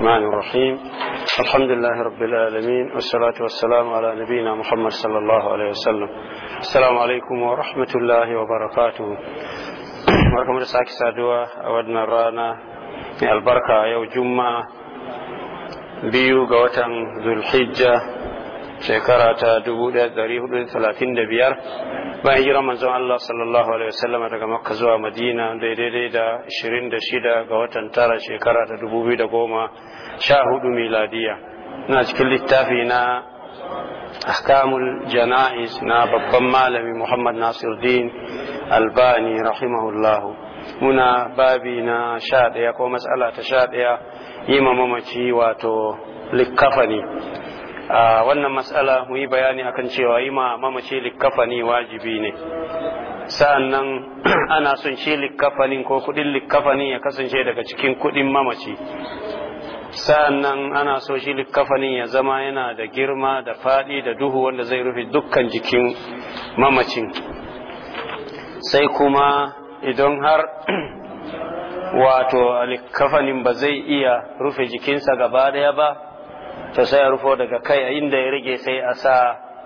الرحمن الرحيم الحمد لله رب العالمين والصلاة والسلام على نبينا محمد صلى الله عليه وسلم السلام عليكم ورحمة الله وبركاته ورحمة الله سادوا أودنا رانا البركة يوم جمعة بيو قوة ذو الحجة shekara ta biyar bayan jira manzon Allah sallallahu alaihi wasallam daga Makka zuwa Madina daidai da da shida ga watan tara shekara ta hudu miladiya ina cikin littafi na ahkamul jana'iz na babban malami Muhammad din Albani rahimahullahu muna babi na sha ɗaya ko matsala ta sha ɗaya yi mamaci wato likafani. wannan mas'ala mu yi bayani akan cewa yi ma mamace likkafani wajibi ne sa'annan ana son shi likkafanin ko kudin likkafanin ya kasance daga cikin kudin mamaci sa'annan ana so shi likkafanin ya zama yana da girma da faɗi da duhu wanda zai rufe dukkan jikin mamacin sai kuma idan har wato likkafanin ba zai iya rufe jikinsa gaba daya ba to sai ya rufo daga kai a inda ya rage sai a sa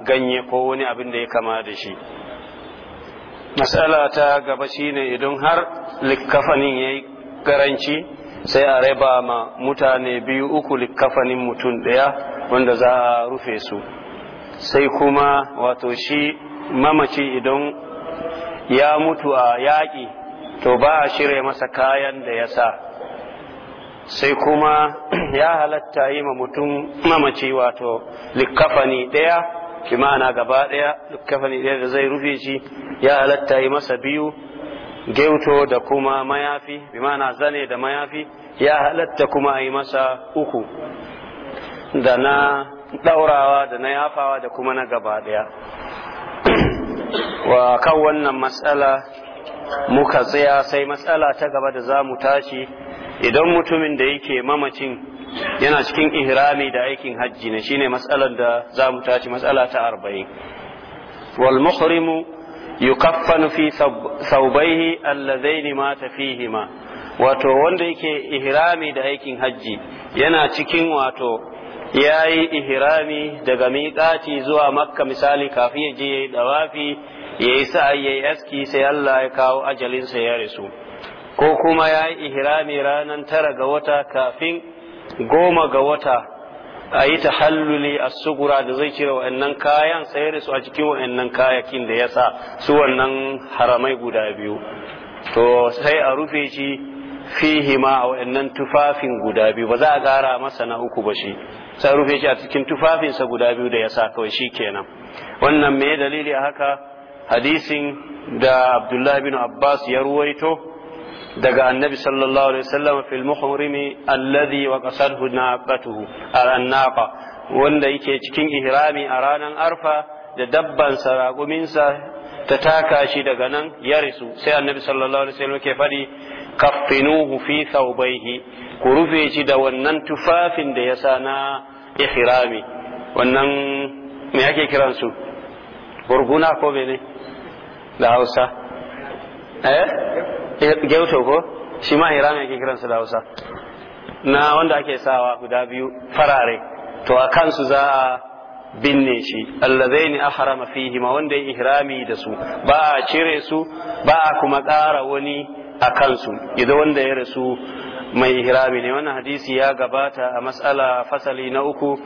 ganye ko wani abin da ya kama da shi matsala ta gaba shine idan har likkafanin ya yi karanci sai a raba ma mutane biyu uku likkafanin mutum ɗaya wanda za a rufe su sai kuma wato shi mamaci idan ya mutu a yaƙi to ba a shirya masa kayan da ya sa sai kuma ya halatta yi ma mutum mamaci wato likkafani ɗaya kimana gaba ɗaya likafani ɗaya da zai rufe shi ya halatta yi masa biyu geuto da kuma mayafi bimana zane da mayafi ya halatta kuma a yi masa uku da na ɗaurawa da na yafawa da kuma na gaba ɗaya wa kan wannan matsala muka tsaya sai matsala ta gaba da za mu tashi idan mutumin da yake mamacin yana cikin ihrami da aikin hajji ne shine matsalar da za mu tashi matsala ta arba'in wal muhrimu yukaffanu fi saubaihi allazaini mata ma. wato wanda yake ihrami da aikin hajji yana cikin wato ya yi ihrami daga miƙaci zuwa makka misali kafin ya je ya yi dawafi ya yi sa'ayi ya yi aski sai Allah ya kawo ajalinsa ya rasu ko kuma ya yi ihrami ranar tara ga wata kafin goma ga wata a yi ta halluli a sugura da zai cire wa'annan kayan sayar da su a cikin wa'annan kayakin da ya sa su wannan haramai guda biyu to sai a rufe shi fihi ma a wa'annan tufafin guda biyu ba za a gara masa na uku ba shi sai rufe shi a cikin tufafinsa guda biyu da ya sa kawai shi kenan wannan me dalili a haka hadisin da abdullahi bin abbas ya ruwaito daga annabi sallallahu alaihi wasallam fil muhrimi alladhi wa qasadhu naqatuhu al-naqa wanda yake cikin ihrami a ranar arfa da dabban saraguminsa ta taka shi daga nan ya sai annabi sallallahu alaihi wasallam ke fadi kaffinuhu fi thawbayhi ku rufe shi da wannan tufafin da ya sa na ihrami wannan me ake kiransu burguna ko mene da Hausa eh gyauto ko shi ma hiram kiran su da hausa na wanda ake sawa guda biyu farare to a kansu za a binne shi allazaini ahrama fihi ma wanda ya ihrami da su ba a cire su ba a kuma ƙara wani a kansu idan wanda ya rasu mai ihrami ne wannan hadisi ya gabata a mas'ala fasali na uku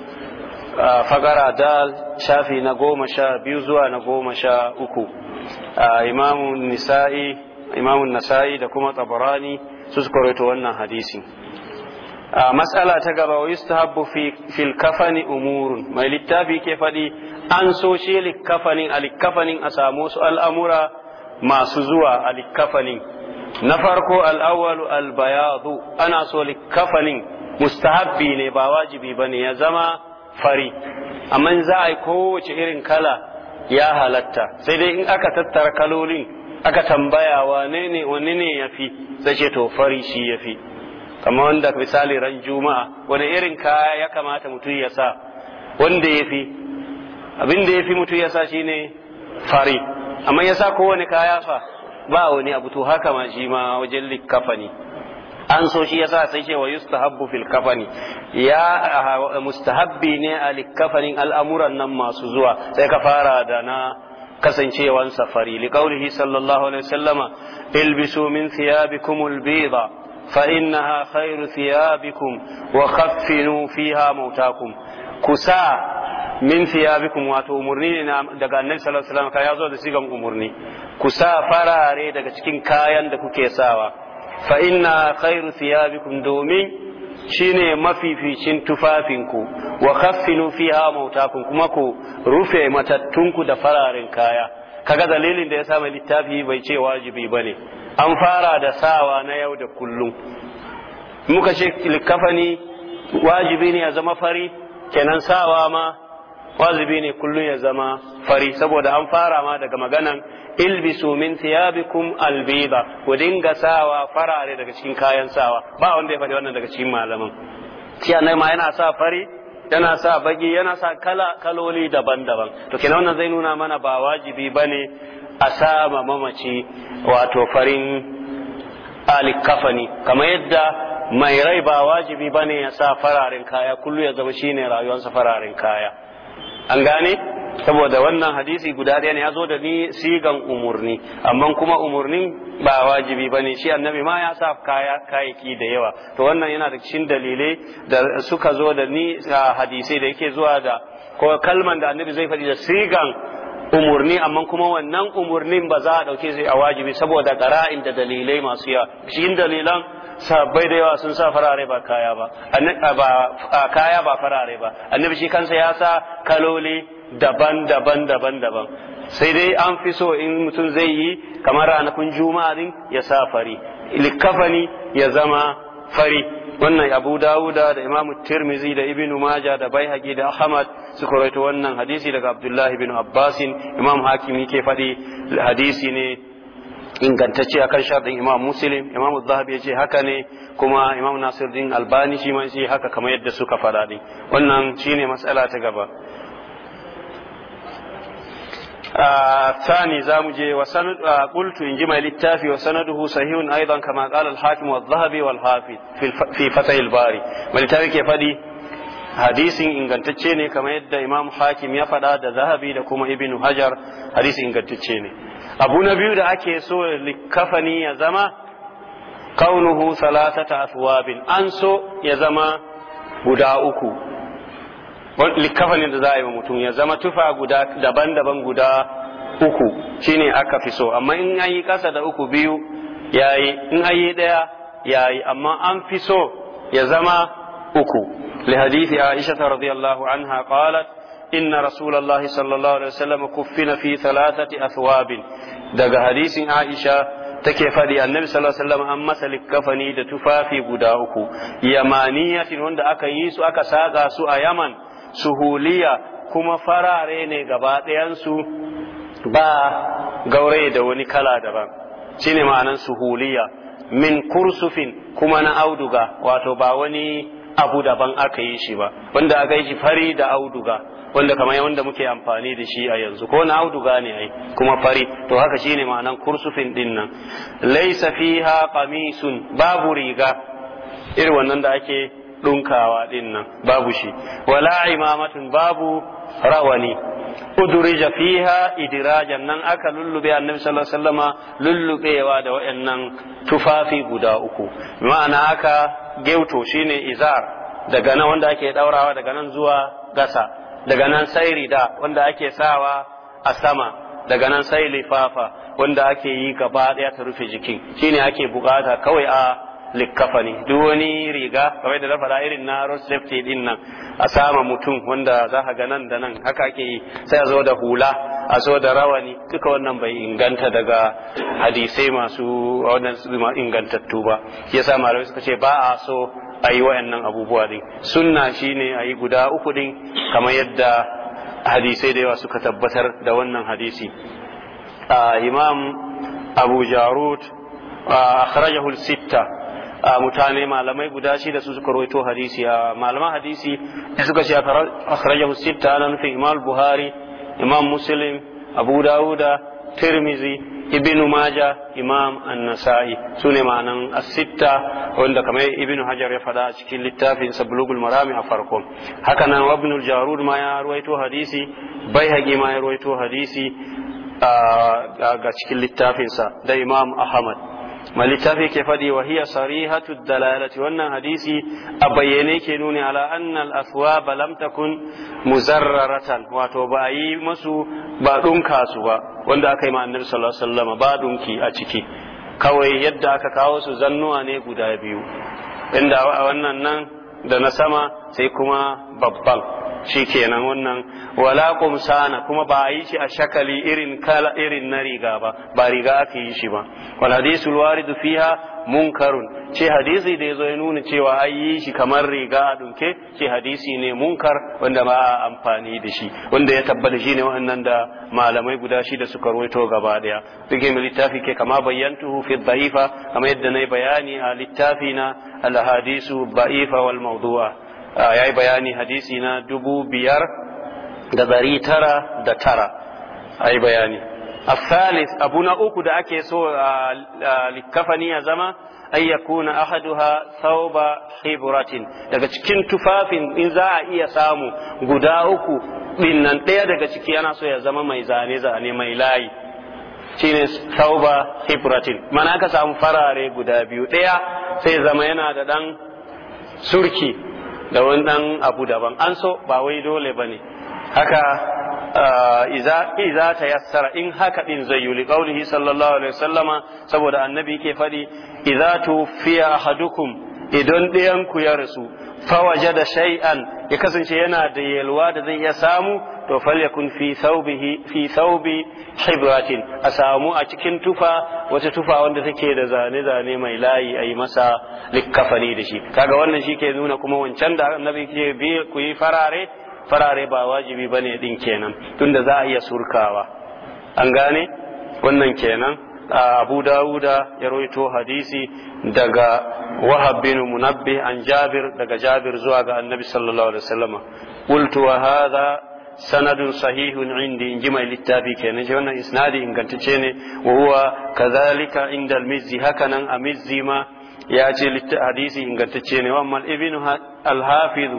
fagara dal shafi na goma sha biyu zuwa na goma sha uku imamu nisa'i imamun nasa'i da kuma tabarani su su rawaito wannan hadisi a matsala ta gaba wa yustahabbu fil kafani umurun mai littafi ke faɗi an so shi likkafanin a likkafanin a samu su al'amura masu zuwa a likkafanin na farko al'awalu al ana so likkafanin mustahabbi ne ba wajibi ba ne ya zama fari amma za a yi kowace irin kala ya halatta sai dai in aka tattara kalolin aka tambaya wane ne wani ne ya fi sai ce to fari shi ya fi kama wanda misali ran juma'a wani irin kaya ya kamata mutum ya sa wanda ya fi abin da ya fi mutum ya sa shi ne fari amma ya sa kowane kaya fa ba wani abu to haka ma shi ma wajen likafani an so shi ya sa sai ce wa yustahabbu fil kafani ya ah, mustahabbi ne a likafanin al'amuran nan masu zuwa sai ka fara da na kasancewansa fari liqaulihi sallallahu alaihi wasallama ilbisu min thiyabikum bayda fa innaha khairu thiyabikum wa khaffinu fiha mautakum kusa min thiyabikum wato umurni ne daga annabi sallallahu alaihi wasallam ya zo da sigan umurni kusa farare daga cikin kayan da kuke sawa fa inna khairu thiyabikum domin shine mafificin tufafinku wa khaffinu fiha mautakum kuma ku rufe matattunku da fararen kaya kaga dalilin da ya sa littafi bai ce wajibi bane an fara da sawa na yau da kullum muka ce likafani wajibi ne ya zama fari kenan sawa ma wajibi ne kullum ya zama fari saboda an fara ma daga maganan ilbisu min thiyabikum albiba ku dinga sawa farare daga cikin kayan sawa ba wanda ya faɗi wannan daga cikin malaman tiya annabi ma yana sa fari yana sa baki yana sa kala kaloli daban-daban to kenan wannan zai nuna mana ba wajibi bane a sama mamaci wato farin alikafani kamar yadda mai rai ba wajibi bane ya sa fararen kaya kullu ya zama shine rayuwarsa fararen kaya an gane saboda wannan hadisi guda ɗaya ne ya zo da ni sigan umurni amma kuma umurni ba wajibi ba ne shi annabi ma ya sa kaya kayaki da yawa to wannan yana da cikin dalilai da suka zo da ni hadisai da yake zuwa da ko kalman da annabi zai faɗi da sigan umurni amma kuma wannan umurnin ba za a ɗauke shi a wajibi saboda ƙara'in da dalilai masu yawa cikin dalilan sabbai da yawa sun sa farare ba kaya ba kaya ba farare ba annabi shi kansa ya sa kaloli daban-daban daban-daban sai dai an fi so in mutum zai yi kamar ranakun juma'a din ya sa fari likafani ya zama fari wannan abu dawuda da imamu tirmizi da ibn maja da baihaqi da ahmad su rawaito wannan hadisi daga abdullahi bin abbasin imam Hakimi ke faɗi hadisi ne ingantacce akan sharɗin imam muslim imam zahabi ya ce haka ne kuma imam nasiruddin albani shi ma ce haka kamar yadda suka faɗa ɗin wannan shine matsala ta gaba ثاني زامج وسند قلت إن جمع للتافي وسنده صحيح أيضا كما قال الحاكم والذهبي والحافظ في, في فتح mai littafi ke faɗi hadisin ingantacce ne kamar yadda imam hakim ya faɗa da zahabi da kuma Ibinu hajar hadisin ingantacce ne abu na biyu da ake so likafani ya zama kaunuhu salatata aswabin an so ya zama guda uku likafanin da za a yi wa mutum ya zama tufa guda daban-daban guda uku shine aka fi so amma in an yi kasa da uku biyu yayi in an yi daya yayi amma an fi so ya zama uku لحديث عائشة رضي الله عنها قالت inna rasulullahi sallallahu alaihi wasallam kuffina fi thalathati athwabin daga hadisin Aisha take faɗi annabi sallallahu an masa likkafani da tufafi guda uku yamaniyatin wanda aka yi su aka saka su a Yaman suhuliya kuma farare ne gaba ɗayansu ba gaure da wani kala daban shine ma'anan suhuliya min kursufin kuma na auduga wato ba wani abu daban aka yi shi ba wanda aka yi shi fari da auduga wanda kamar wanda muke amfani da shi a yanzu ko na auduga ne ai kuma fari to haka shine ma'anan kursufin din nan laysa fiha qamisun babu riga irin wannan da ake dunkawa din nan babu shi wala imamatun babu rawani udurija fiha idirajan nan aka lullube annabi sallallahu alaihi wasallama lullubewa da wayannan tufafi guda uku ma'ana aka geuto shine izar daga nan wanda ake daurawa daga nan zuwa gasa daga nan sai rida wanda ake sawa a sama daga nan sai lifafa wanda ake yi gaba daya ta rufe jikin shine ake bukata kawai a likkafani duk wani riga kawai da dafa irin na road safety din nan a sama mutum wanda za ka ga nan da nan haka ake yi sai a zo da hula a zo da rawani duka wannan bai inganta daga hadisai masu wannan ingantattu ba yasa malamai suka ce ba a so a yi wayannan abubuwa din sunna shine a yi guda uku din kamar yadda hadisai da yawa suka tabbatar da wannan hadisi imam abu jarud akhrajahu sitta mutane malamai guda shi da su suka rawaito hadisi a malaman hadisi suka ce akhrajahu sitta ana nufin imam buhari imam muslim abu dauda tirmizi Ibinu maja imam an-nasa'i sune ma'anan as-sitta wanda kamar Ibinu hajar ya faɗa a cikin littafinsa sablugul marami a farko haka nan ibn al-jarud ma ya ruwaito hadisi baihaqi ma ya ruwaito hadisi ga cikin littafinsa da imam ahmad littafi ke faɗi wa hiya sarihatu dalalati wannan hadisi a bayyane ke nuni ala annal al ba lam takun muzarraratan wato ba yi masu ba dunka su ba wanda aka yi ma annabi sallallahu alaihi wasallam ba dunki a ciki kawai yadda aka kawo su zannuwa ne guda biyu inda a wannan nan da na sama sai kuma babban shi kenan wannan wala kumsana kuma ba a yi shi a shakali irin kala irin na riga ba ba riga aka yi shi ba wal hadisu waridu fiha munkarun ce hadisi da yazo ya nuna cewa a yi shi kamar riga a dunke ce hadisi ne munkar wanda ba a amfani da shi wanda ya tabbata shine wannan da malamai guda shi da suka ruwaito gaba daya duk littafi ke kama bayyantuhu fi dha'ifa kamar yadda na bayani a littafi na al hadisu ba'ifa wal mawdu'a Ah, ya bayani hadisi na dubu biyar da dari tara da tara a yi bayani uku da uku so ake so لكفني ah, ah, ya zama أن يكون ahaduha ثوب hibratin daga cikin tufafin in za a iya samu guda uku dinnan ɗaya daga ciki yana so ya zama mai zane zane mai layi shine tauba hibratin mana aka samu farare guda biyu ɗaya sai zama yana da ɗan surki da wani dan abu daban an so ba wai dole bane ne haka uh, iza ta yassara in haka din zai yi qaulihi sallallahu alaihi wasallama saboda annabi ke faɗi iza tufiya ahadukum idan ku ya rasu fawaje da shay'an ya kasance yana da yalwa da zai iya samu to falyakun fi fi hibratin a samu a cikin tufa wata tufa wanda take da zane zane mai layi a yi masa likkafani da shi kaga wannan shi ke nuna kuma wancan da annabi ke bi ku yi farare farare ba wajibi bane din kenan tunda za a iya surkawa an gane wannan kenan abu dawuda ya roito hadisi daga wahab bin munabbih an jabir daga jabir zuwa ga annabi sallallahu alaihi wasallam qultu wa hadha sanadun sahihun indi in mai littafi kenan shi wannan isnadi ingantacce ne wa huwa kadhalika inda al-mizzi hakanan a mizzi ma ya ce hadisi ingantacce ne wannan ibn al-hafiz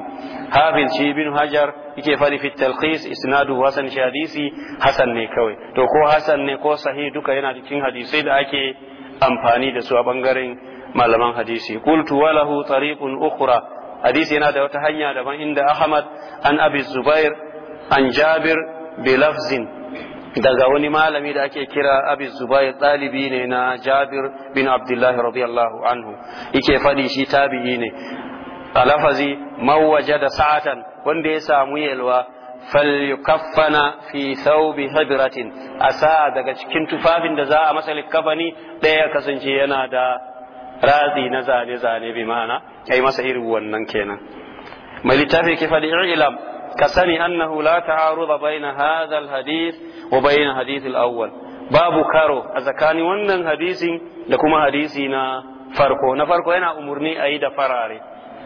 hafiz shi ibn hajar yake fari fi talqis isnadu hasan shi hadisi hasan ne kawai to ko hasan ne ko sahih duka yana cikin hadisai da ake amfani da su a bangaren malaman hadisi qultu walahu tariqun ukhra hadisi yana da wata hanya daban inda ahmad an abi zubair an jabir bi lafzin daga wani malami da ake kira abi zubair ɗalibi ne na jabir bin abdullahi radiyallahu anhu yake faɗi shi tabi'i ne alafazi mawaje da sa'atan wanda ya samu yalwa falyukaffana fi thawbi hidratin a sa daga cikin tufafin da za a masa likafani ɗaya kasance yana da ratsi na zane-zane bi ma'ana ai masa irin wannan kenan mai littafi ki faɗi ilam ka sani annahu la ta'aruda baina na hadal hadith wa bayyana hadith awwal babu karo a tsakanin wannan hadisin da kuma hadisi na farko na farko yana umurni a yi da farare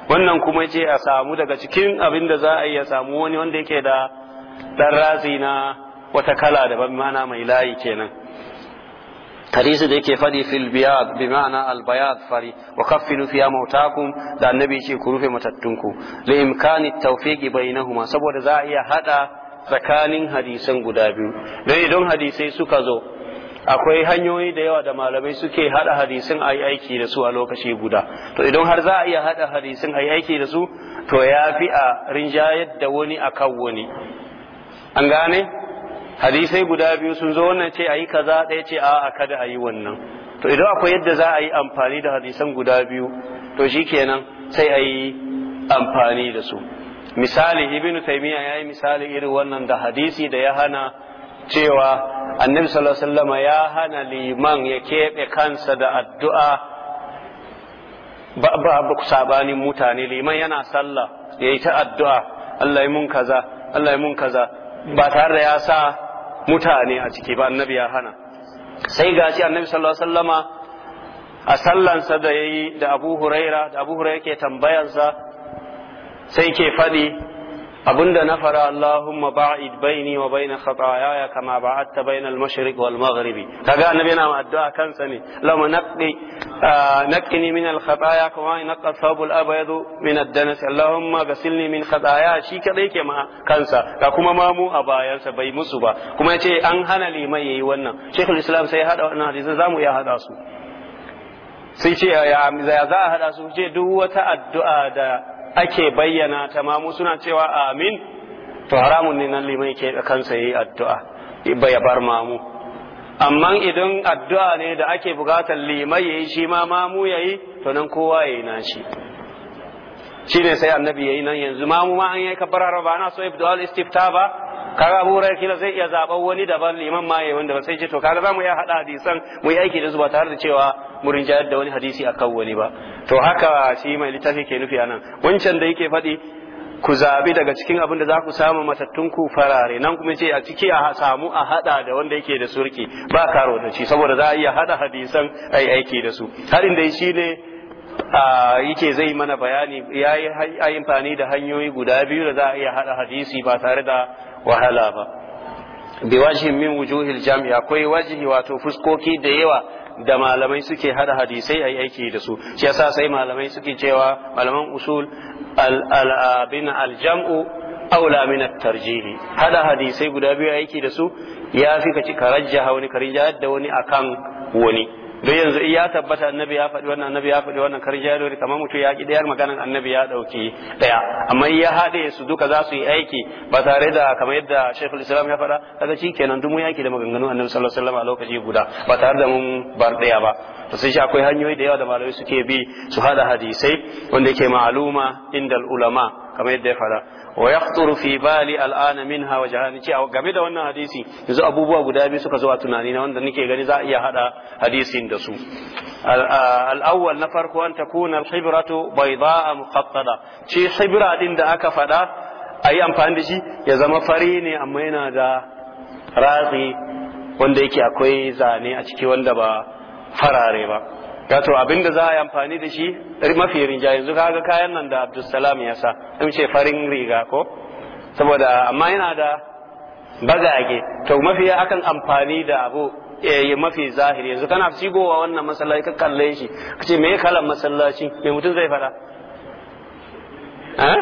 wannan kuma ce a samu daga cikin abin da za a a samu wani wanda yake da ɗan ratsi na wata kala da mana mai layi kenan hadisi da yake faɗi fil biyad bi ma'ana al bayad fari wa kaffinu fiya mautakum da annabi ce ku rufe matattunku li imkani tawfiqi bainahuma saboda za a iya hada tsakanin hadisan guda biyu don idan hadisai suka zo akwai hanyoyi da yawa da malamai suke hada hadisin a yi aiki da su a lokaci guda to idan har za a iya hada hadisin a yi aiki da su to ya fi a rinjayar da wani a wani an gane hadisai guda biyu sun zo wannan ce a yi kaza ɗaya ce a kada a yi wannan to idan akwai yadda za a yi amfani da hadisan guda biyu to shi kenan sai a yi amfani da su misali ibn taymiya yayi misali irin wannan da hadisi da ya hana cewa annabi sallallahu alaihi wasallam ya hana liman ya kebe kansa da addu'a ba ba ku sabanin mutane liman yana sallah yayi ta addu'a Allah ya mun kaza Allah ya mun kaza ba tare da ya sa mutane a ciki ba annabi ya hana sai shi annabi sallallahu alaihi wasallama a sallansa da yayi da Abu Huraira da Abu Huraira ke tambayansa sai ke faɗi abinda na fara Allahumma ba'id baini wa baina khataayaya kama ba'adta baina al-mashriq wal maghribi kaga annabi yana addu'a kansa ne Allahumma naqqi ah, naqqini min al-khataaya kama yanqa thawb al-abyad min ad-danas Allahumma ghasilni min khataaya shi kadai ke ma kansa ga kuma mamu a bayan sa bai musu ba kuma yace an hana limai yayi wannan Sheikhul Islam sai ya hada wannan hadisin zamu iya hada su sai ce ya za a hada su ce duk wata addu'a da ake bayyana ta ma mu suna cewa amin to haramun ne nan Limai ke kansa yi addu'a ya bar mamu amma idan addu'a ne da ake bukatar limai yayi shi ma mamu yayi to nan kowa yayi Shi shine sai annabi yayi nan yanzu mamu ma an yi kabbara ba na so ibdu al istiftaba ba kaga Abu Hurairah kila zai iya zaben wani daban liman ma yayi wanda ba sai ce to kaga zamu iya hada hadisan mu yi aiki da su ba tare da cewa mu rinjayar da wani hadisi akan wani ba to haka shi mai littafi ke nufi anan wancan da yake faɗi ku zabi daga cikin abin da za ku samu matattun ku farare nan kuma ce a ciki a samu a hada da wanda yake da surki ba karo da shi saboda za a iya hada hadisan ai aiki da su shi shi ne yake zai mana bayani ya yi amfani da hanyoyi guda biyu da za a iya hada hadisi ba tare da wahala ba bi wajihin min wujuhil jami'a akwai wajihi wato fuskoki da yawa da malamai suke hada hadisai yi aiki da su shi yasa sai malamai suke cewa malaman usul al-abin al-jam'u aula min at-tarjih hada hadisai guda biyu aiki da su ya fi ka ci karajja wani karija da wani akan wani don yanzu ya tabbata annabi ya faɗi wannan annabi ya faɗi wannan karin jarori kamar mutum ya ki ɗayar maganar annabi ya ɗauki ɗaya amma ya haɗe su duka za su yi aiki ba tare da kamar yadda shekul islam ya faɗa daga shi kenan dumu mu yaki da maganganu annabi sallallahu alaihi wasallam a lokaci guda ba tare da mun bar ɗaya ba to sai shi akwai hanyoyi da yawa da malamai suke bi su haɗa hadisai wanda yake ma'aluma indal ulama kamar yadda ya faɗa wa yaqturu fi bali al'ana minha wa jahani ce game da wannan hadisi yanzu abubuwa guda biyu suka zo a tunani na wanda nake gani za a iya hada hadisin da su al'awwal na farko an takuna bai ba bayda'a muqattada ce hibra din da aka fada yi amfani da shi ya zama fari ne amma yana da ratsi wanda yake akwai zane a ciki wanda ba farare ba gato abinda za a yi amfani da shi mafi rinja yanzu kaga kayan nan da abdulsalam ya sa in ce farin riga ko saboda amma yana da baga ake to mafi akan amfani da abu eh, ya mafi zahiri yanzu kana cigowa wannan masallaci ka kalle shi ka ce me kalan masallaci me mutum zai fada eh?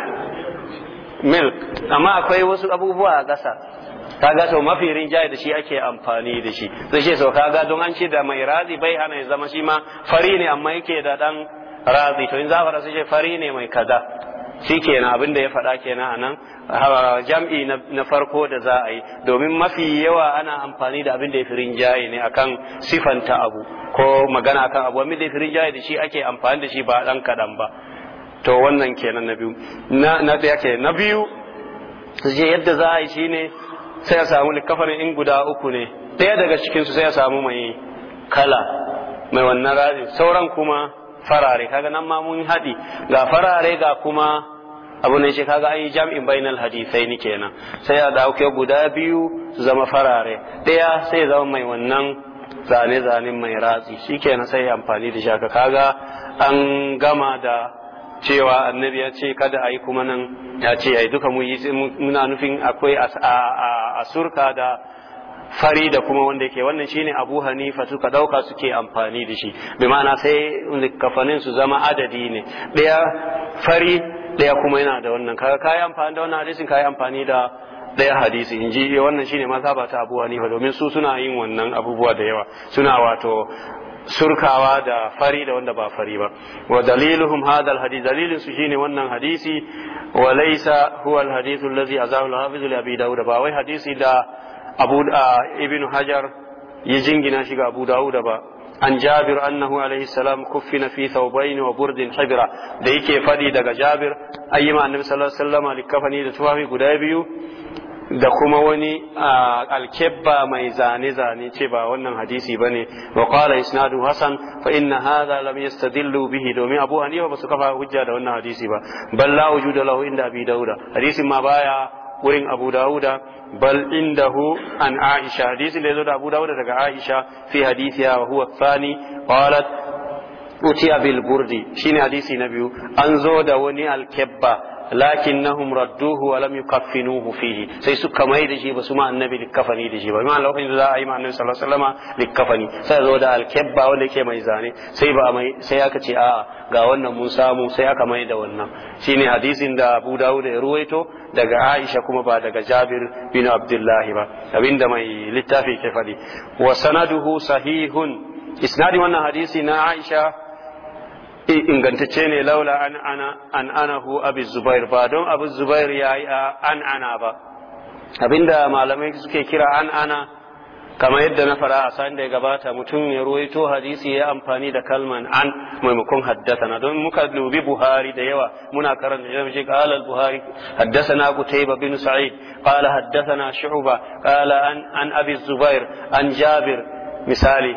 milk amma akwai wasu abubuwa a ƙasa kaga sau mafi rinjaye da shi ake amfani da shi sai so sau kaga don an ce da mai razi bai hana ya zama shi ma fari ne amma yake da dan razi to in za fara sai ce fari ne mai kaza shi kenan abin da ya faɗa kenan nan jam'i na farko da za a yi domin mafi yawa ana amfani da abin da ya fi rinjaye ne akan sifanta abu ko magana akan abu abin da ya fi rinjaye da shi ake amfani da shi ba dan kaɗan ba to wannan kenan na biyu na biyu yadda za a yi shine sai a samu likafanin in guda uku ne ɗaya daga cikinsu sai a samu mai kala mai wannan rari sauran kuma farare kaga nan ma mun haɗi ga farare ga kuma abu ne shi kaga an jam'in bainal hadisai ni kenan sai a ke guda biyu su zama farare ɗaya sai zama mai wannan zane zane mai ratsi shikenan sai amfani da shaka kaga an gama da cewa annabi ya ce kada a yi kuma nan ya ce ya yi duka muna nufin akwai a surka da fari da kuma wanda yake wannan shine abu hanifa suka dauka suke amfani da shi bi ma'ana sai kafanin su zama adadi ne daya fari daya kuma yana da wannan kaga kai amfani da wannan hadisin kai amfani da daya hadisi in ji wannan shine mazhaba ta abu hanifa domin su suna yin wannan abubuwa da yawa suna wato surkawa da fari da wanda ba fari ba wa daliluhum hadha alhadith dalilin su shine wannan hadisi wa laysa huwa alhadith allazi azahu alhafiz li abi daud ba wai hadisi da abu ibn hajar ya jingina shi ga abu daud ba an jabir annahu alayhi salam kuffina fi thawbayn wa burdin hibra da yake fadi daga jabir ayyima annabi sallallahu alaihi wasallam likafani da tufafi guda biyu da kuma wani alkebba mai zane-zane ce ba wannan hadisi ba ne wa qala isnadu hasan fa inna hadha lam yastadillu bihi domin abu hanifa basu kafa hujja da wannan hadisi ba bal la wujuda lahu inda dauda hadisin ma baya wurin abu dauda bal indahu an aisha hadisin da yazo da abu dauda daga aisha fi hadisiha wa huwa thani qalat utiya bil burdi shine hadisi na biyu an zo da wani alkebba Lakin radduhu wa lam yukaffinuhu fihi sai suka mai da shi ba su ma annabi likafani da shi ba ma lokacin da za a yi ma annabi sallallahu alaihi wasallam likafani sai zo da alkebba wanda yake mai zane sai ba mai sai aka ce a'a ga wannan mun samu sai aka mai da wannan shine hadisin da Abu Dawud ya ruwaito daga Aisha kuma ba daga Jabir bin Abdullahi ba abinda mai littafi ke fadi wa sanaduhu sahihun isnadi wannan hadisi na Aisha E, ingantacce ne laula an ana an ana hu abu zubair ba don abu zubair ya yi an ana ba abinda malamai suke kira an ana kamar yadda na fara a sa'in ya gabata mutum ya ruwaito hadisi ya amfani da kalman an maimakon na don muka dubi buhari da yawa muna karanta ya kalal buhari haddasa buhari haddasana kutaiba bin sa'id kala haddathana shu'ba qala an an abi zubair an jabir misali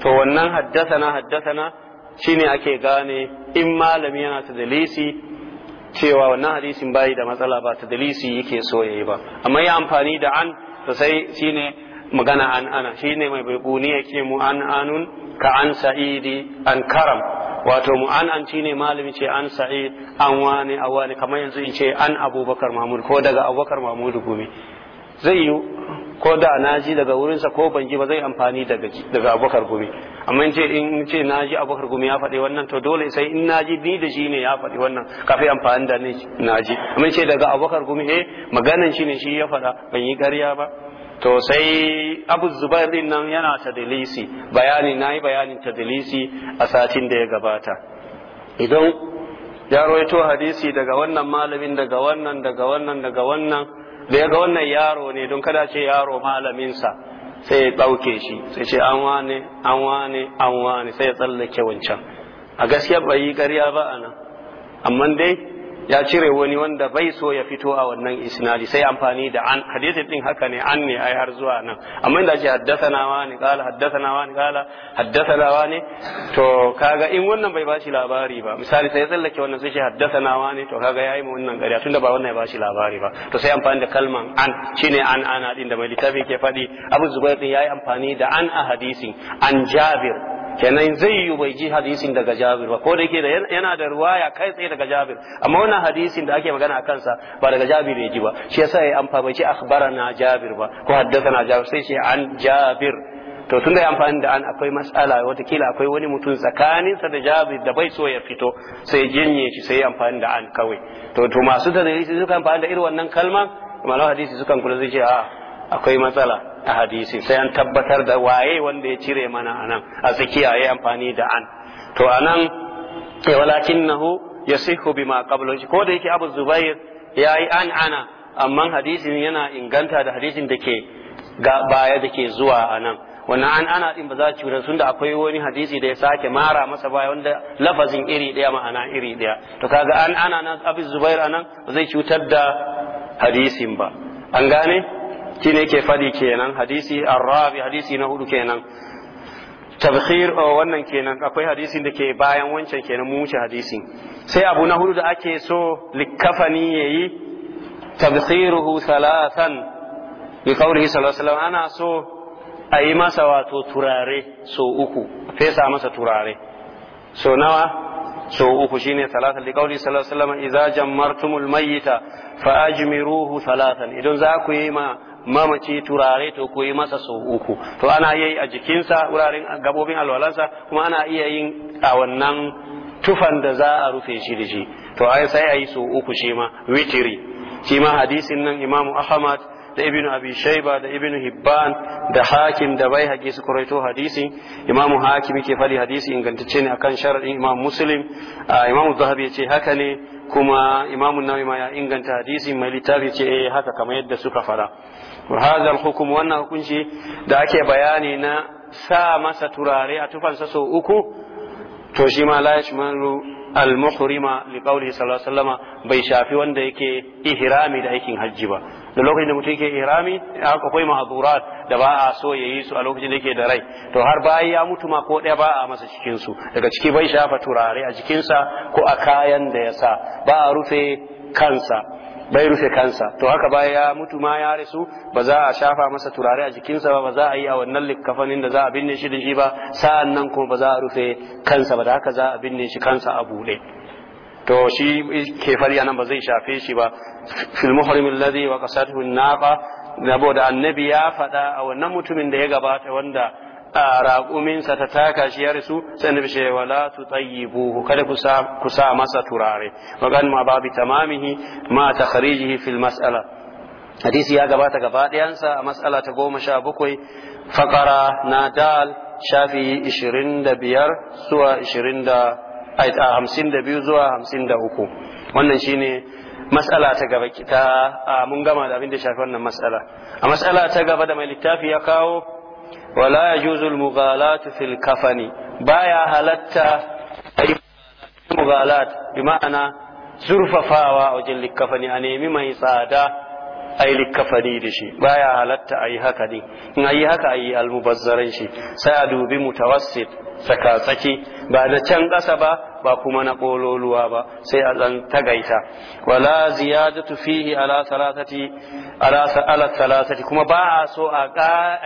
to wannan haddasa na. shine ake gane in malami yana ta dalisi cewa wannan hadisin bayi da matsala ba ta dalisi yake so yayi ba amma ya amfani da an ta sai shine magana an ana shine mai ya yake mu an anun ka an sa'idi an karam wato mu an an shine malami ce an sa'id an wani a wani kamar yanzu in ce an abubakar mahmud ko daga abubakar mahmud gumi zai yi ko da na ji daga wurinsa ko ban ji ba zai amfani daga abokar gumi amma ce in ce na ji abokar gumi ya faɗi wannan to dole sai in na ji ni da shi ne ya faɗi wannan kafin amfani da na ji amma ce daga abokar gumi eh maganan shi ne shi ya faɗa ban yi ƙarya ba to sai abu zubair din nan yana ta dalisi bayani na yi bayanin dalisi a satin da ya gabata idan ya rawaito hadisi daga wannan malamin daga wannan daga wannan daga wannan da ya ga wannan yaro ne don kada ce yaro malaminsa sai ya ɗauke shi sai ce an wane an wane an wane sai ya tsallake wancan a gaskiya bai yi ƙarya ba a nan amma dai ya cire wani wanda bai so ya fito a wannan isnadi sai amfani da an hadisi din haka ne an ne ai har zuwa nan amma inda ce haddathana wa ne qala haddathana wa ne qala haddathana wa ne to kaga in wannan bai bashi labari ba misali sai ya tsallake wannan sai ce haddathana wa ne to kaga yayi mu wannan gari tunda ba wannan ya bashi labari ba to sai amfani da kalman an shine an ana din da mai littafi ke faɗi Abu Zubair din yayi amfani da an a hadisin an Jabir kenan zai yi bai ji hadisin daga Jabir ba ko da yake yana da ruwaya kai tsaye daga Jabir amma wannan hadisin da ake magana a kansa ba daga Jabir ya ji ba shi yasa ya amfa bai ce akhbarana Jabir ba ko haddathana Jabir sai ce an Jabir to tunda ya amfani da an akwai mas'ala watakila akwai wani mutum tsakaninsa da Jabir da bai so ya fito sai jinye shi sai ya amfani da an kawai to to masu da suka amfani da irin wannan kalma malaman hadisi sukan kula zai ce a akwai matsala a hadisi sai an tabbatar da waye wanda ya cire mana anan a tsakiya ya amfani da an to anan eh, walakinnahu yasihu bima qablahu ko da yake Abu Zubair yayi an ana amma hadisin yana inganta da hadisin da ke baya da ke zuwa anan wannan an ana din ba za ci wurin da akwai wani hadisi da ya sake mara masa baya wanda lafazin iri daya ma'ana iri daya to kaga an ana na Abu Zubair anan zai cutar da hadisin ba an gane shine ke fadi kenan hadisi arrabi hadisi na hudu kenan tabkhir oh, wannan kenan akwai hadisin da ke bayan wancan kenan mu wuce hadisi sai abu na hudu da ake so likafani yayi tabkhiruhu salasan bi qawlihi sallallahu alaihi wasallam ana so a yi masa wato turare so uku fesa masa turare so nawa so uku shine salatan li qawli sallallahu alaihi wasallam idza jammartumul mayyita fa ajmiruhu salatan idan za ku yi ma mamaci turare to ko masa sau uku to ana iya yi a jikinsa wuraren gabobin alwalansa kuma ana iya yin a wannan tufan da za a rufe shi da shi to ai sai a yi sau uku shi ma witiri shi ma hadisin nan imamu ahmad da ibnu abi shayba da ibnu hibban da hakim da bai haƙi su kuraito hadisin imamu hakim ke fadi hadisi ingantacce ne akan sharadin imam muslim imamu zahabi ce haka ne kuma imamu nawawi ma ya inganta hadisi mai littafi ce eh haka kamar yadda suka fara to hadha hukum wannan hukunci da ake bayani na sa masa turare a tufansa sau uku to shi ma la yashmalu al muhrima li qawli sallallahu alaihi wasallam bai shafi wanda yake ihrami da aikin hajji ba da lokacin da mutum yake ihrami akwai mahdurat da ba a so yayi su a lokacin da yake da rai to har bayan ya mutu ma ko ɗaya ba a masa cikin su daga ciki bai shafa turare a jikinsa ko a kayan da ya sa ba a rufe kansa bai rufe kansa to haka baya ya mutu ma ya rasu ba za a shafa masa turare a jikinsa ba ba za a yi a wannan likkafanin da za a binne shi da shi ba sa'an nan kuma ba za a rufe kansa ba da haka za a binne shi kansa a bude. to shi ke kefari anan ba zai shafe shi ba fil muhrim alladhi wa qasatuhu naqa da annabi ya faɗa a wannan mutumin da ya gabata wanda raƙuminsa ta taka shi ya rasu sai annabi shi wala tayyibu kada ku sa masa turare magan ma babu tamamihi ma takhrijihi fil mas'ala hadisi ya gabata gaba ɗayansa a mas'ala ta goma sha bakwai fakara na shafi ishirin da biyar zuwa ishirin da hamsin da biyu zuwa hamsin da uku wannan shine mas'ala ta gaba kita mun gama da abin da shafi wannan mas'ala a mas'ala ta gaba da mai littafi ya kawo wala yajuzu al-mughalatu fil kafani baya halatta mughalat bi ma'ana zurfafawa wajen likafani a nemi mai tsada ai likafari da shi baya halatta ayi haka ne in a haka ayi yi shi sai a dubi mutawassit tsakatsaki ba na can ƙasa ba ba kuma na ƙololuwa ba sai a zan tagaita wala ziyadatu fihi ala salatati ala ala salatati kuma ba a so a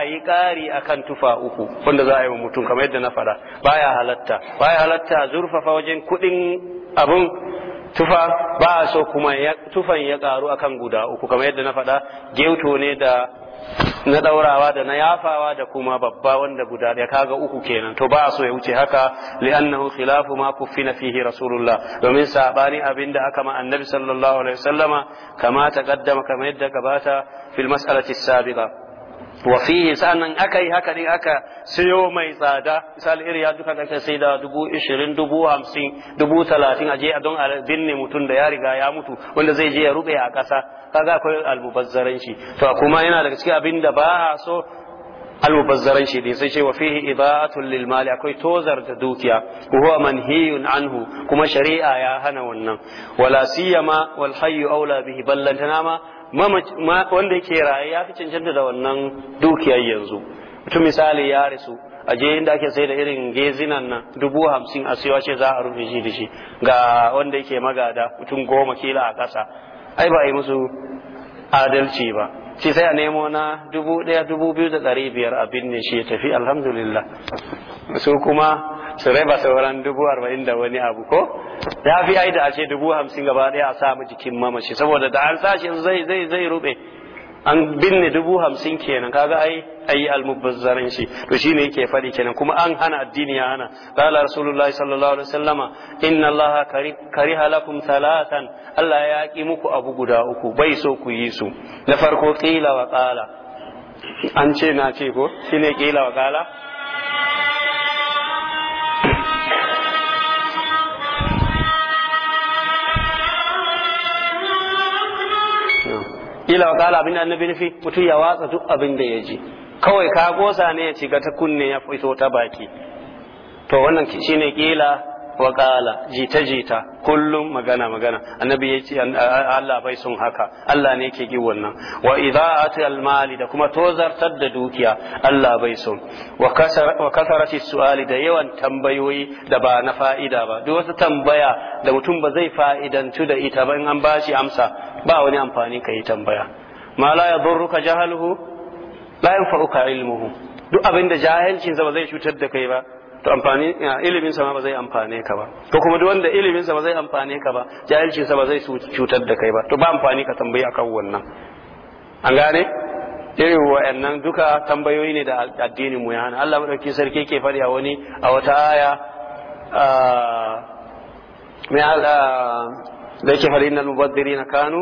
yi ƙari akan tufa uku wanda za a yi wa mutum kamar yadda na faɗa baya halatta baya halatta zurfafa wajen kuɗin abun tufa ba a so kuma tufan ya karu akan guda uku kamar yadda na faɗa gewto ne da na ɗaurawa da na yafawa da kuma babba wanda guda ɗaya kaga uku kenan to ba a so ya wuce haka li'annahu khilafu ma kuffina fihi rasulullah domin sabani abinda aka ma annabi sallallahu alaihi wasallama kama taqaddama kamar yadda gabata fil mas'alati sabiqa wa fihi sanan aka yi haka din aka siyo mai tsada misali iri ya duka kake sai da dubu ishirin dubu hamsin dubu talatin a don a binne mutum da ya riga ya mutu wanda zai je ya rube a ƙasa kaga akwai albubazzaranci to kuma yana daga cikin abin da ba a so albubazzaranci ne sai ce wa fihi lil mali akwai tozar da dukiya huwa manhiyun anhu kuma shari'a ya hana wannan wala siyama wal hayyu aula bihi ballantana ma wanda yake raye ya fi cancanta da wannan dukiyar yanzu mutum misali ya rasu a je inda ake sai da irin gezinan nan dubu hamsin a siyo ce za a rufe shi da shi ga wanda yake magada mutum goma kila a kasa ai ba a yi musu adalci ba ce sai a nemo na dubu ɗaya dubu biyu da ɗari biyar a binne shi ya tafi alhamdulillah su kuma su raba sauran dubu arba'in da wani abu ko ya fi ai da a ce dubu hamsin gaba ɗaya a samu jikin mamashi saboda da an sashi zai zai zai rube an binne dubu hamsin kenan kaga ai ayi almubazzarin shi to shine yake faɗi kenan kuma an hana addini ya hana qala rasulullahi sallallahu alaihi wasallama inna allaha kariha lakum salatan allah ya ki muku abu guda uku bai so ku yi su na farko qila wa qala an ce na ce ko shine qila wa qala ila wa kala abin annabi nufi mutum ya watsa duk abin da ya ji kawai ka gosa ne ya shiga ta kunne ya fito ta baki to wannan shine kila wa jita jita kullum magana magana annabi ya yace Allah bai son haka Allah ne yake ki nan wa idha'ati al-mali da kuma tozartar da dukiya Allah bai son wa kasarati su'ali da yawan tambayoyi da ba na fa'ida ba duk wata tambaya da mutum ba zai fa'idantu da ita ba in an bashi amsa ba wani amfani ka yi tambaya ma la yadurruka jahaluhu la yanfa'uka ilmuhu duk abinda jahilcin sa ba zai cutar da kai ba to amfani ilimin sa ma ba zai amfane ka ba ko kuma duk wanda ilimin sa ba zai amfane ka ba jahilcin sa ba zai cutar da kai ba to ba amfani ka tambayi akan wannan an gane irin wa'annan duka tambayoyi ne da addinin mu ya hana Allah madauki sarki yake faɗi a wani a wata aya mai Allah da yake faɗi innal na kanu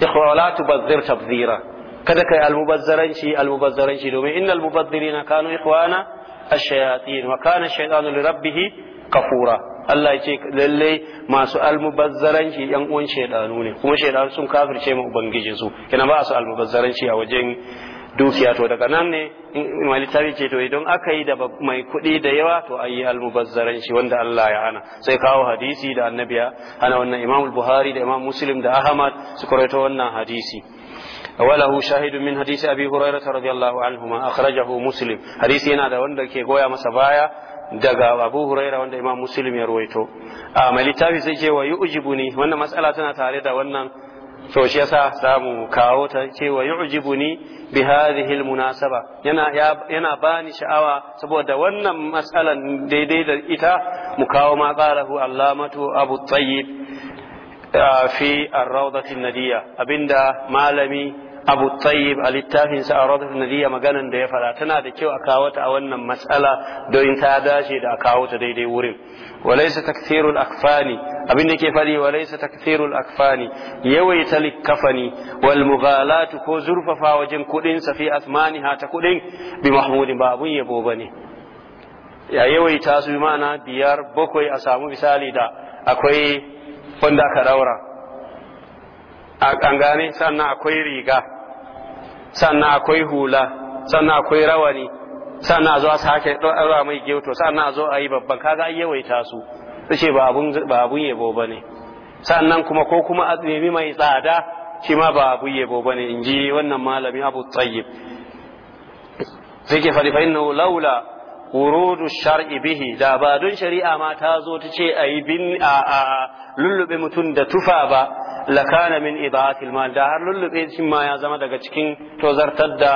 ikhwa la tubazzir tabzira kada kai almubazzaranci almubazzaranci domin innal mubazzirina kanu ikhwana الشياطين وكان الشيطان لربه كفورا Allah ya ce lallai masu almubazzaranci yan uwan shaidanu ne kuma shaidanu sun kafirce ma ubangiji su kina ba su almubazzaranci a wajen dukiya to daga nan ne in littafi ce to idan aka yi da mai kuɗi da yawa to ayi almubazzaranci wanda Allah ya hana sai kawo hadisi da annabiya hana wannan Imam Buhari da Imam Muslim da Ahmad su karaito wannan hadisi وله شاهد من حديث أبي هريرة رضي الله عنهما أخرجه مسلم حديثنا هذا وند كي قويا مسبايا دقا أبو هريرة وند إمام مسلم يرويته أما لتابي سيجي ويؤجبني وأن مسألة تاريدا وأن to shi yasa samu kawo ta cewa yu'jibuni bi hadhihi almunasaba yana yana bani sha'awa saboda wannan mas'alan daidai da ita mu kawo ma qalahu allamatu abu tayyib fi ar abinda malami abu tsayib a littafin a aradul nabiyya maganan da ya fara tana da kyau a kawo ta a wannan matsala don ta dace da a kawo ta daidai wurin walaysa takthirul akfani abin da ke fadi walaysa takthirul akfani yawaita likafani wal mughalatu ko zurfafa wajen kudin sa fi asmaniha ta kudin bi mahmudin ba abun yabo bane ya yawaita su mana biyar bakwai a samu misali da akwai wanda aka daura an gane sannan akwai riga sannan akwai hula sannan akwai rawani sannan a zo a sake ɗora mai gyauto sannan a zo a yi babban kaga an yawaita su ce ba abun yabo ba ne sannan kuma ko kuma a nemi mai tsada shi ma ba abun yabo ba ne in ji wannan malami abu tsayyib sai ke faɗi fa'in laula wurudu shar'i bihi da ba don shari'a ma ta zo ta ce a yi bin a lullube mutum da tufa ba lakana min mal da har lullube shi ma ya zama daga cikin tozartar da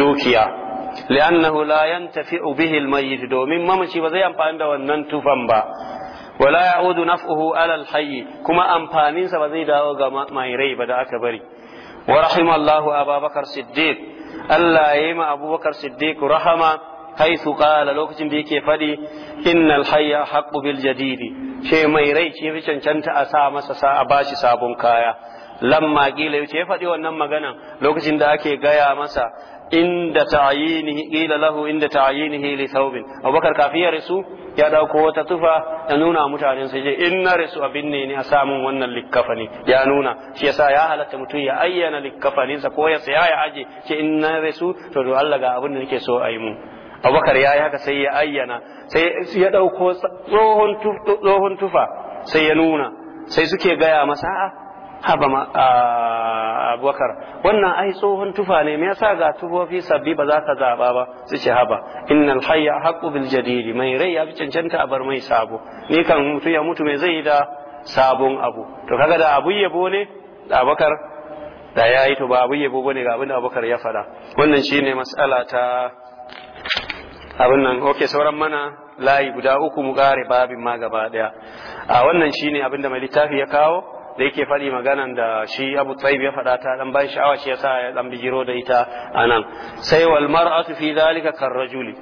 dukiya li'annahu la yantafi'u bihi al-mayyit domin mamaci ba zai amfani da wannan tufan ba wala ya'udu naf'uhu ala al-hayy kuma amfanin sa ba zai dawo ga mai rai ba da aka bari wa rahimallahu abubakar siddiq Allah ya yi ma abubakar siddiq rahama haisu kala lokacin da yake fadi innal hayya haqqu bil jadid ce mai rai ce fi cancanta a sa masa sa a bashi sabon kaya lamma gila yace ya faɗi wannan magana lokacin da ake gaya masa inda ta'yinihi kila lahu inda ta'yinihi li thawbin Abubakar kafiya risu ya dauko wata tufa ya nuna mutanen sai je inna risu abinne ne a samun wannan likkafani ya nuna shi yasa ya halatta mutum ya ayyana likkafaninsa ko ya tsaya ya aje ce inna rasu to Allah ga abin da nake so a yi mu abubakar ya yi haka sai ya ayyana sai ya ɗauko tsohon tufa sai ya nuna sai suke gaya masa a haba abubakar wannan ai tsohon tufa ne me yasa ga tufofi sabbi ba za ka zaba ba su ce haba innal hayya haqqu bil jadid mai rai ya fi cancanta a bar mai sabo ni kan mutu ya mutu me zai yi da sabon abu to kaga da abu yabo ne da abubakar da yayi to ba abu yabo bane ga abin da abubakar ya faɗa wannan shine mas'ala ta abin nan ok sauran mana layi guda uku mu kare babin ma gaba daya a wannan shine abin da mai littafi ya kawo da yake faɗi maganan da shi Abu tsaibi ya faɗa ta dan bayan sha'awa shi yasa ya dan bijiro da ita anan sai wal mar'atu fi dhalika karrajuli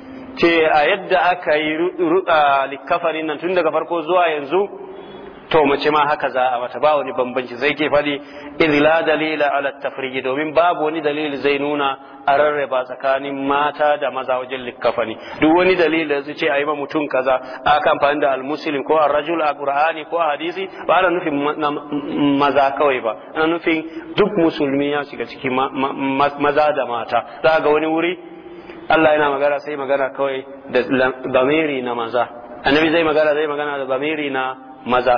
ce a yadda aka yi likafarin nan tun daga farko zuwa yanzu to mace ma haka za a mata ba wani bambanci zai ke faɗi idh la dalila ala tafriji domin babu wani dalili zai nuna a rarraba tsakanin mata da maza wajen likkafani duk wani dalili da zai ce a yi ma mutum kaza a kan fahimta da almuslim ko rajul a qur'ani ko a hadisi ba ana nufin maza kawai ba ana nufin duk musulmi ya shiga ciki maza da mata za ga wani wuri Allah yana magana sai magana kawai da bamiri na maza annabi zai magana zai magana da bamiri na maza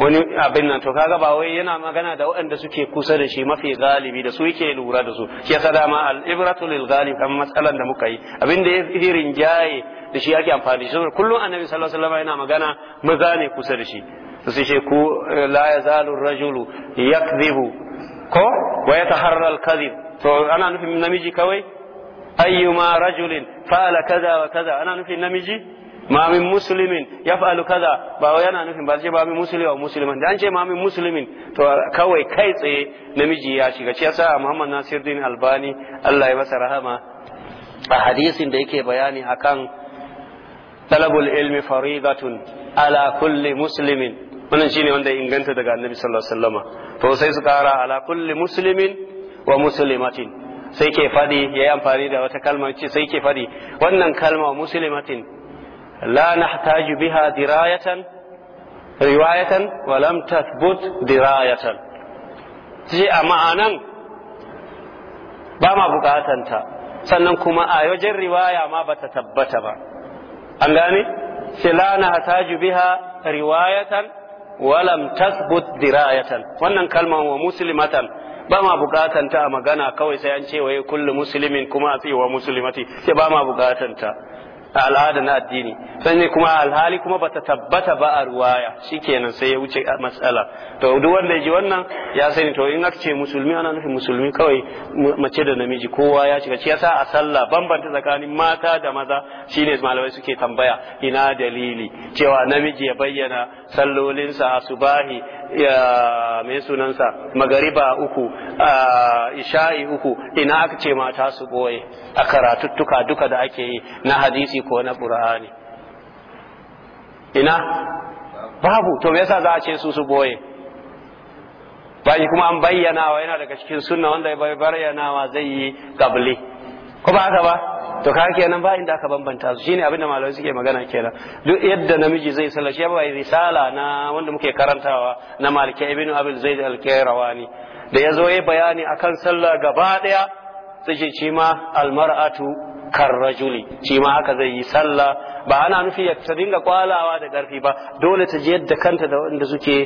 wani abin nan to kaga ba wai yana magana da waɗanda suke kusa da shi mafi galibi da su yake lura da su shi yasa dama al-ibratu lil ghalib kan matsalan da muka yi abin da yake rinjaye da shi yake amfani shi kullum annabi sallallahu alaihi wasallam yana magana maza ne kusa da shi sai shi ku la yazalu rajulu yakdhibu ko wa yataharra al-kadhib to ana nufin namiji kawai ayyuma rajulin fa'ala kaza wa kaza ana nufin namiji ma min muslimin fa'alu kaza ba yana nufin ba ce ba min muslimi wa musliman da an ce ma min muslimin to kawai kai tsaye namiji ya shiga ce yasa Muhammad Nasiruddin Albani Allah ya masa rahama a hadisin da yake bayani akan talabul ilmi faridatun ala kulli muslimin wannan shine wanda inganta daga Annabi sallallahu alaihi wasallam to sai su kara ala kulli muslimin wa muslimatin sai ke fadi yayi amfani da wata kalma ce sai ke fadi wannan kalma muslimatin لا نحتاج بها دراية رواية ولم تثبت دراية تجي أمعنا بما بقاتنتا sannan kuma a wajen riwaya ma bata tabbata ba an gane la na hataju biha riwayatan walam tathbut dirayatan wannan kalman wa muslimatan ba ma bukatan ta a magana kawai sai an ce ya kullu muslimin kuma a tsiwa muslimati sai ba ma bukatan ta a al'ada na addini sannan kuma alhali kuma bata tabbata ba a ruwaya shikenan sai ya wuce matsala to duk wanda ya ji wannan ya sani to in aka ce musulmi ana nufin musulmi kawai mace da namiji kowa ya shiga shi yasa a sallah bambanta tsakanin mata da maza shine malamai suke tambaya ina dalili cewa namiji ya bayyana sallolinsa asubahi ya mai sunansa magariba uku isha'i uku ina aka ce mata su boye a karatuttuka duka da ake yi na hadisi ko na qur'ani ina babu to me yasa za a ce su su boye bayan kuma an bayyana wa yana daga cikin sunna wanda ya bayyana wa zai yi gabli? ko ba haka ba to kaga kenan ba inda aka bambanta su shine abinda malamai suke magana kenan duk yadda namiji zai sallah shi ba risala na wanda muke karantawa na maliki ibnu abul zaid al-kairawani da yazo yayi bayani akan sallah gaba daya sai ce shi ma al-mar'atu karrajuli ma haka zai yi sallah ba ana nufi ya ta dinga kwalawa da karfi ba dole ta je yadda kanta da wanda suke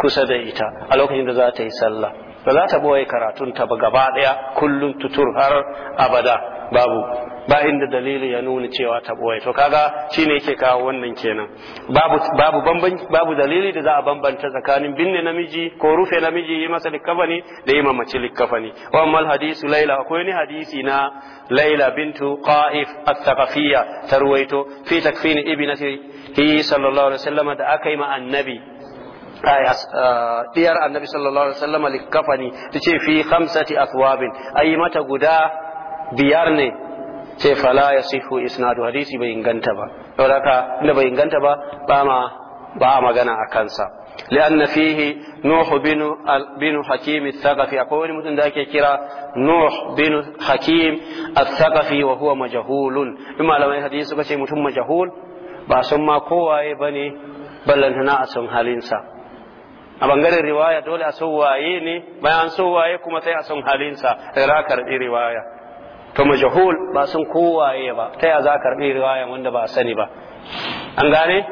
kusa da ita a lokacin da za ta yi sallah ba za ta boye karatun ta ba gaba daya kullum tutur har abada babu ba inda dalili ya nuna cewa ta boye to kaga shine yake kawo wannan kenan babu babu dalili da za a bambanta tsakanin binne namiji ko rufe namiji yi masa likafani da yi mamaci likafani wa ammal hadisu laila akwai ni hadisi na laila bintu qa'if at-thaqafiyya tarwaito fi hi sallallahu alaihi wasallam da aka yi ma annabi diyar annabi sallallahu alaihi wasallam likafani ce fi khamsati a ayi mata guda biyar ne ce fala yasifu isnadu hadisi bai inganta ba saboda haka inda bai inganta ba ba ma ba magana a kansa لأن فيه نوح بن بن حكيم الثقفي أقول متن ذاك كرا نوح بن حكيم الثقفي وهو مجهول إما لما يحدث كشيء متم مجهول باسم ما قوى بني بل هنا أسم هالإنسان a bangaren riwaya dole a san waye ne bayan an san waye kuma sai a san halinsa da karɓi riwaya to majhul ba san ko waye ba ta ya za karɓi riwaya wanda ba sani ba an gane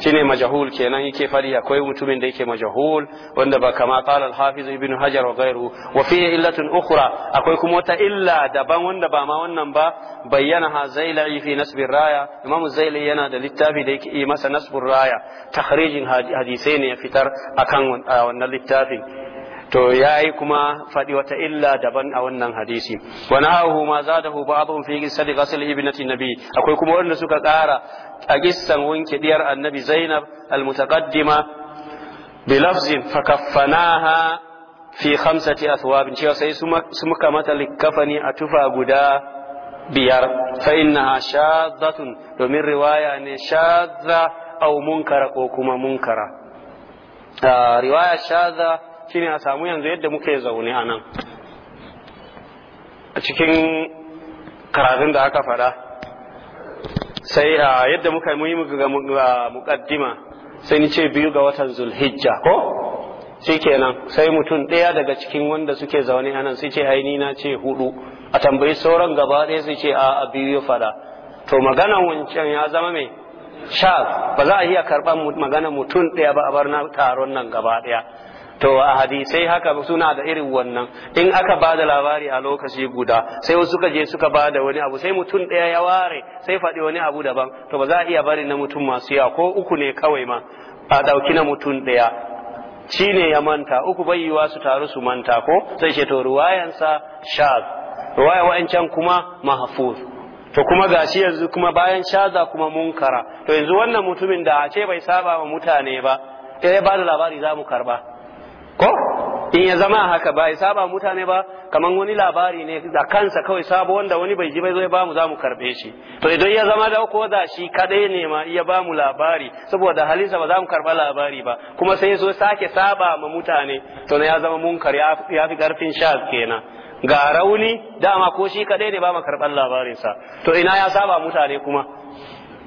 shine majahul kenan yake fari akwai mutumin da yake majahul wanda ba kama qala al-hafiz ibn hajar wa ghayru wa fihi illatun ukhra akwai kuma wata illa daban wanda ba ma wannan ba bayyana ha zailai fi nasbir raya imamu zailai yana da littafi da yake yi masa nasbur raya hadisai ne ya fitar akan wannan littafin to yayi kuma faɗi wata illa daban a wannan hadisi wa nahu ma zadahu ba'dhum fi qissati ghasl ibnati nabi akwai kuma wanda suka ƙara a gissan wanke diyar annabi zainab almutaqaddima bi lafzin fakaffanaha fi khamsati athwab cewa sai su muka mata likafani a tufa guda biyar fa innaha shadzatun domin riwaya ne shadza aw munkara ko kuma munkara ah, riwaya shadza shine a samu yanzu yadda muke zaune a nan a cikin karatun da aka fada sai a yadda muka yi mukaddima sai ni ce biyu ga watan zulhijja ko shi kenan sai mutum ɗaya daga cikin wanda suke zaune a nan sai ce aini na ce hudu a tambayi sauran gaba ɗaya sai ce a biyu ya fada to magana wancan ya zama mai sha ba za a iya karɓar magana mutum ɗaya ba a bar na taron nan gaba ɗaya to a hadisai haka suna da irin wannan in aka ba da labari a lokaci guda sai wasu suka je suka ba da wani abu sai mutum ɗaya ya ware sai faɗi wani abu daban to ba za a iya bari na mutum masu yawa ko uku ne kawai ma a ɗauki na mutum ɗaya shi ne ya manta uku bai yiwa su taru su manta ko sai ce to ruwayansa shaz ruwaya wa'ancan kuma mahfuz to kuma gashi yanzu kuma bayan shaza kuma munkara to yanzu wannan mutumin da a ce bai saba wa mutane ba ya ba da labari za mu karba ko in ya zama haka ba ya saba mutane ba kamar wani labari ne da kansa kawai sabo wanda wani bai ji bai zai bamu za mu karbe shi to idan ya zama da ko da shi kadai ne ma iya bamu labari saboda halinsa ba za mu karba labari ba kuma sai zo sake saba ma mutane to ya zama munkar ya fi karfin sha kenan ga rauni dama ko shi kadai ne ba mu karban labarinsa to ina ya saba mutane kuma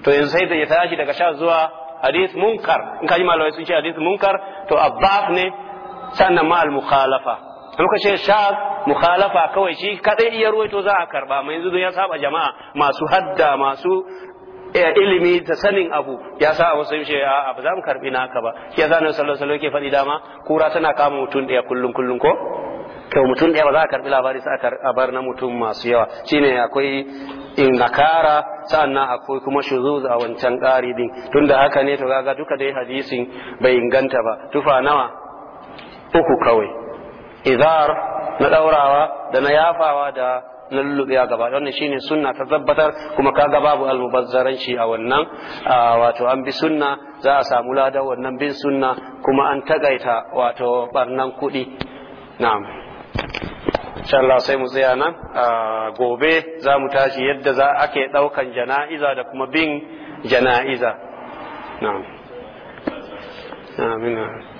to yanzu sai da ya tashi daga sha zuwa hadith munkar in kaji malawai sun ce hadith munkar to abbas ne sannan ma al-mukhalafa muka ce mukhalafa kawai shi kadai iya ruwaito za a karba mai yanzu ya saba jama'a masu hadda masu eh, ilimi da sanin abu ya sa a wasu yaushe a ba za mu karbi naka ba ya sa na sallallahu alaihi ke fadi dama kura tana kama mutum daya kullum kullum ko mutum daya ba za a karbi labari sai a bar na mutum masu yawa shine akwai in nakara sannan akwai kuma shuzuz a wancan ƙari din tunda haka ne to kaga duka dai hadisin bai inganta ba tufa nawa uku kawai izar na ɗaurawa da na yafawa da na lullube a gaba wannan shine sunna ta tabbatar kuma kaga babu almubazzaranci a wannan wato an bi sunna za a samu lada wannan bin sunna kuma an tagaita wato barnan kuɗi na'am insha Allah sai mu tsaya nan gobe za mu tashi yadda za ake ɗaukan jana'iza da kuma bin jana'iza na'am